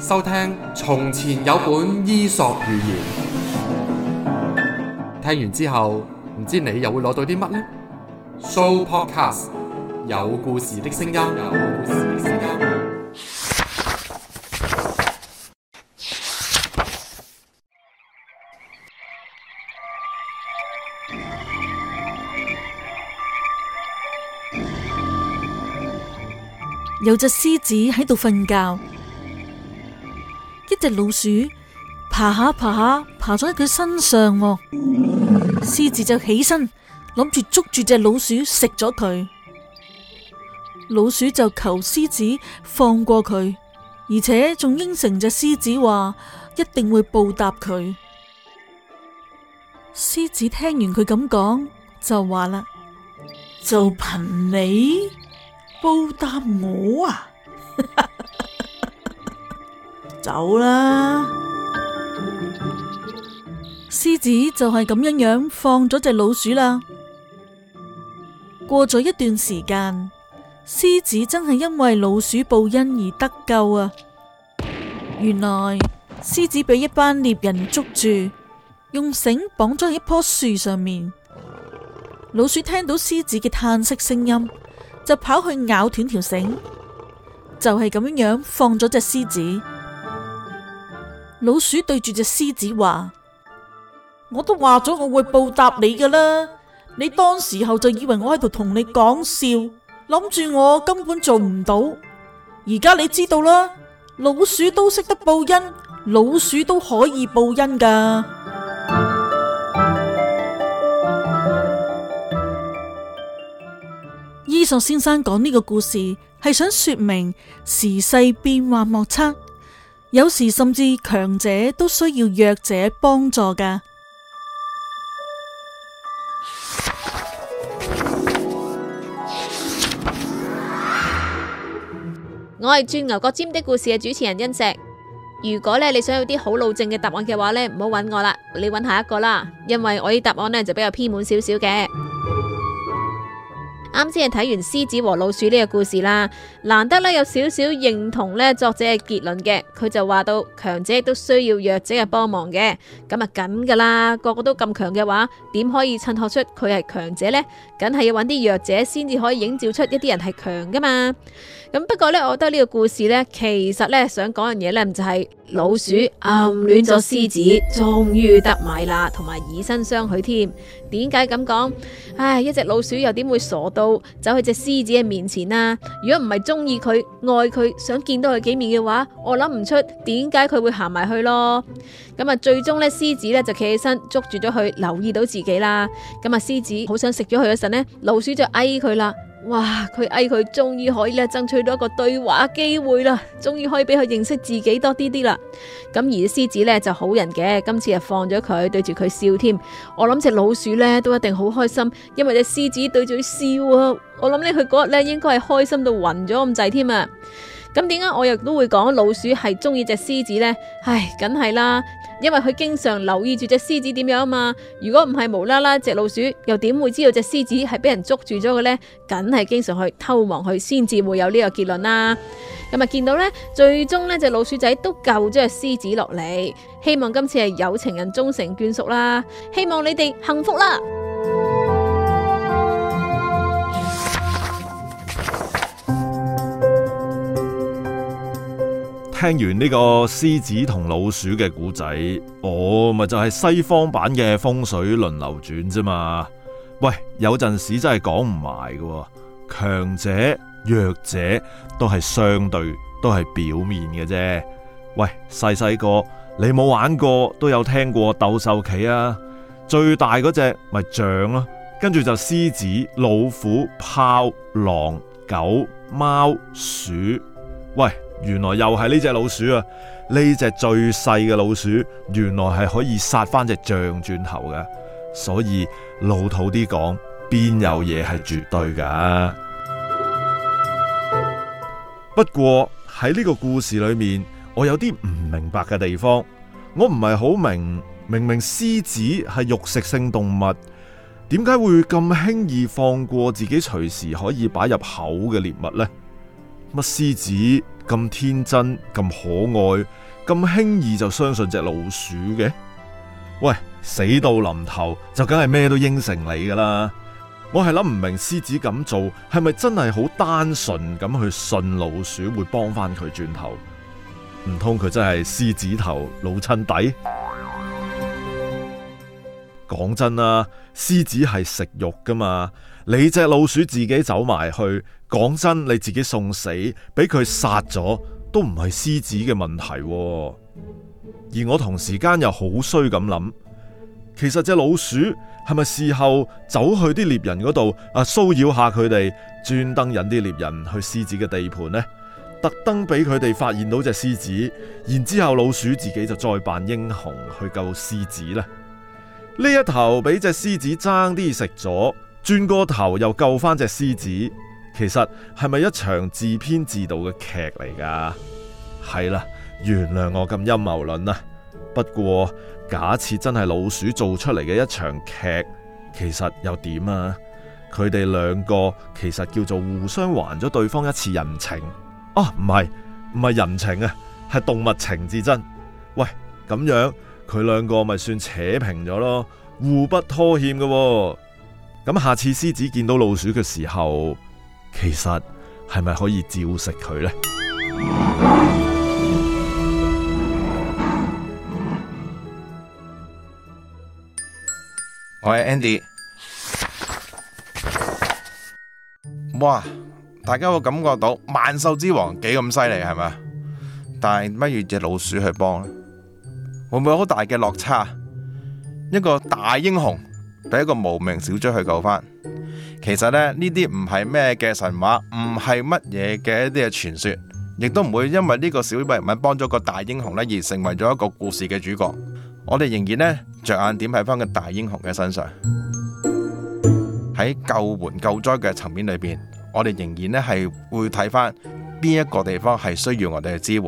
收聽從前有本伊索寓言，聽完之後唔知你又會攞到啲乜呢？Sooopodcast，有故事的聲音。有故事的聲音。有隻獅子喺度瞓覺。一隻老鼠爬下爬下，爬咗喺佢身上，哦，獅 子就起身諗住捉住隻老鼠食咗佢。老鼠就求獅子放過佢，而且仲應承隻獅子話一定會報答佢。獅子聽完佢咁講，就話啦，就憑你報答我啊！走啦！獅子就係咁樣樣放咗隻老鼠啦。過咗一段時間，獅子真係因為老鼠報恩而得救啊！原來獅子被一班獵人捉住，用繩綁咗喺一棵樹上面。老鼠聽到獅子嘅嘆息聲音，就跑去咬斷條繩，就係咁樣樣放咗隻獅子。老鼠對住隻獅子話：我都話咗我會報答你噶啦，你當時候就以為我喺度同你講笑，諗住我根本做唔到，而家你知道啦，老鼠都識得報恩，老鼠都可以報恩噶。伊 索先生講呢個故事，係想說明時勢變化莫測。有時甚至強者都需要弱者幫助噶。我係鑽牛角尖的故事嘅主持人欣石。如果咧你想要啲好老正嘅答案嘅話咧，唔好搵我啦，你搵下一個啦，因為我啲答案呢就比較偏滿少少嘅。啱先係睇完獅子和老鼠呢個故事啦，難得咧有少少認同咧作者嘅結論嘅，佢就話到強者都需要弱者嘅幫忙嘅，咁啊梗噶啦，個個都咁強嘅話，點可以襯托出佢係強者呢？梗係要揾啲弱者先至可以映照出一啲人係強噶嘛。咁不過咧，我覺得呢個故事咧，其實咧想講樣嘢咧，唔就係。老鼠暗戀咗獅子，終於得米啦，同埋以身相許添。點解咁講？唉，一隻老鼠又點會傻到走去隻獅子嘅面前啊？如果唔係中意佢，愛佢，想見到佢幾面嘅話，我諗唔出點解佢會行埋去咯。咁啊，最終咧，獅子咧就企起身捉住咗佢，留意到自己啦。咁啊，獅子好想食咗佢嗰陣咧，老鼠就嗌佢啦。哇！佢哎佢，終於可以咧，爭取到一個對話機會啦，終於可以俾佢認識自己多啲啲啦。咁而隻獅子咧就好人嘅，今次又放咗佢，對住佢笑添。我諗隻老鼠咧都一定好開心，因為隻獅子對住佢笑啊！我諗咧佢嗰日咧應該係開心到暈咗咁滯添啊！咁點解我又都會講老鼠係中意隻獅子咧？唉，梗係啦。因為佢經常留意住隻獅子點樣啊嘛，如果唔係無啦啦，隻老鼠，又點會知道隻獅子係俾人捉住咗嘅呢？梗係經常去偷望佢，先至會有呢個結論啦。咁、嗯、啊見到咧，最終呢隻老鼠仔都救咗隻獅子落嚟，希望今次係有情人終成眷屬啦，希望你哋幸福啦。聽完呢個獅子同老鼠嘅故仔，哦，咪就係、是、西方版嘅風水輪流轉啫嘛。喂，有陣時真係講唔埋嘅，強者弱者都係相對，都係表面嘅啫。喂，細細個你冇玩過都有聽過鬥獸棋啊，最大嗰隻咪、就是、象咯，跟住就獅子、老虎、豹、狼、狗、貓、鼠。喂。原來又係呢隻老鼠啊！呢隻最細嘅老鼠，原來係可以殺翻隻象轉頭嘅。所以老土啲講，邊有嘢係絕對噶？ 不過喺呢個故事裏面，我有啲唔明白嘅地方，我唔係好明。明明獅子係肉食性動物，點解會咁輕易放過自己隨時可以擺入口嘅獵物呢？乜獅子？咁天真，咁可愛，咁輕易就相信隻老鼠嘅？喂，死到臨頭就梗係咩都應承你噶啦！我係諗唔明獅子咁做係咪真係好單純咁去信老鼠會幫翻佢轉頭？唔通佢真係獅子頭老襯底？講真啦，獅子係食肉噶嘛。你隻老鼠自己走埋去，講真，你自己送死，俾佢殺咗都唔係獅子嘅問題。而我同時間又好衰咁諗，其實隻老鼠係咪事後走去啲獵人嗰度啊，騷擾下佢哋，專登引啲獵人去獅子嘅地盤呢？特登俾佢哋發現到隻獅子，然之後老鼠自己就再扮英雄去救獅子呢。呢一頭俾隻獅子爭啲食咗。轉個頭又救翻隻獅子，其實係咪一場自編自導嘅劇嚟噶？係啦，原諒我咁陰謀論啊。不過假設真係老鼠做出嚟嘅一場劇，其實又點啊？佢哋兩個其實叫做互相還咗對方一次人情啊，唔係唔係人情啊，係動物情至真。喂，咁樣佢兩個咪算扯平咗咯？互不拖欠嘅啊。咁下次獅子見到老鼠嘅時候，其實係咪可以照食佢呢？我係 Andy。哇！大家會感覺到萬獸之王幾咁犀利係咪？但係乜嘢隻老鼠去幫呢，會唔會好大嘅落差？一個大英雄，俾一個無名小卒去救翻，其實咧呢啲唔係咩嘅神話，唔係乜嘢嘅一啲嘅傳說，亦都唔會因為呢個小秘密幫咗個大英雄咧，而成為咗一個故事嘅主角。我哋仍然呢，着眼點喺翻個大英雄嘅身上。喺救援救災嘅層面裏邊，我哋仍然呢係會睇翻邊一個地方係需要我哋嘅支援，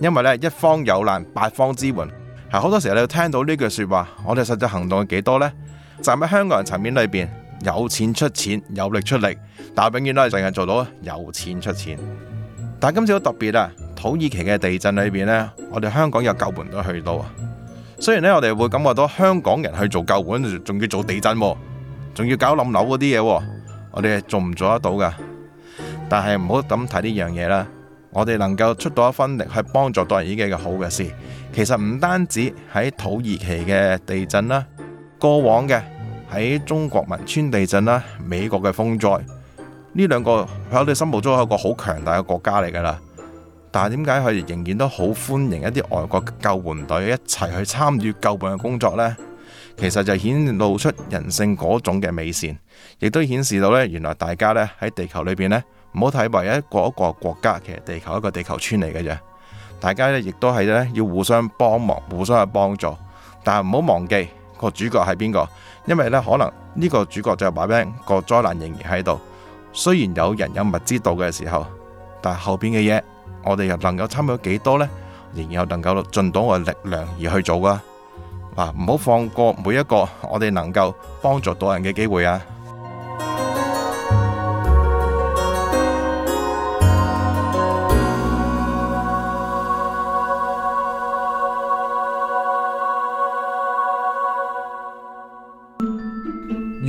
因為呢，一方有難八方支援係好多時候你聽到呢句說話，我哋實際行動係幾多呢？」站喺香港人層面裏邊，有錢出錢，有力出力，但永遠都係淨係做到有錢出錢。但今次好特別啊，土耳其嘅地震裏邊呢，我哋香港有救援都去到啊。雖然呢，我哋會感覺到香港人去做救援，仲要做地震，仲要搞冧樓嗰啲嘢，我哋係做唔做得到噶？但係唔好咁睇呢樣嘢啦。我哋能夠出到一分力去幫助到人，已經係好嘅事。其實唔單止喺土耳其嘅地震啦。過往嘅喺中國汶川地震啦，美國嘅風災，呢兩個喺我哋心目中係一個好強大嘅國家嚟噶啦。但係點解佢哋仍然都好歡迎一啲外國救援隊一齊去參與救援嘅工作呢？其實就顯露出人性嗰種嘅美善，亦都顯示到呢，原來大家呢喺地球裏邊呢，唔好睇為一個一個國家，其實地球一個地球村嚟嘅啫。大家呢亦都係呢，要互相幫忙，互相去幫助，但係唔好忘記。個主角係邊個？因為咧，可能呢個主角就係把柄個災難仍然喺度。雖然有人有物知道嘅時候，但係後邊嘅嘢，我哋又能夠參與幾多咧？仍然有能夠盡到我嘅力量而去做㗎啊！嗱，唔好放過每一個我哋能夠幫助到人嘅機會啊！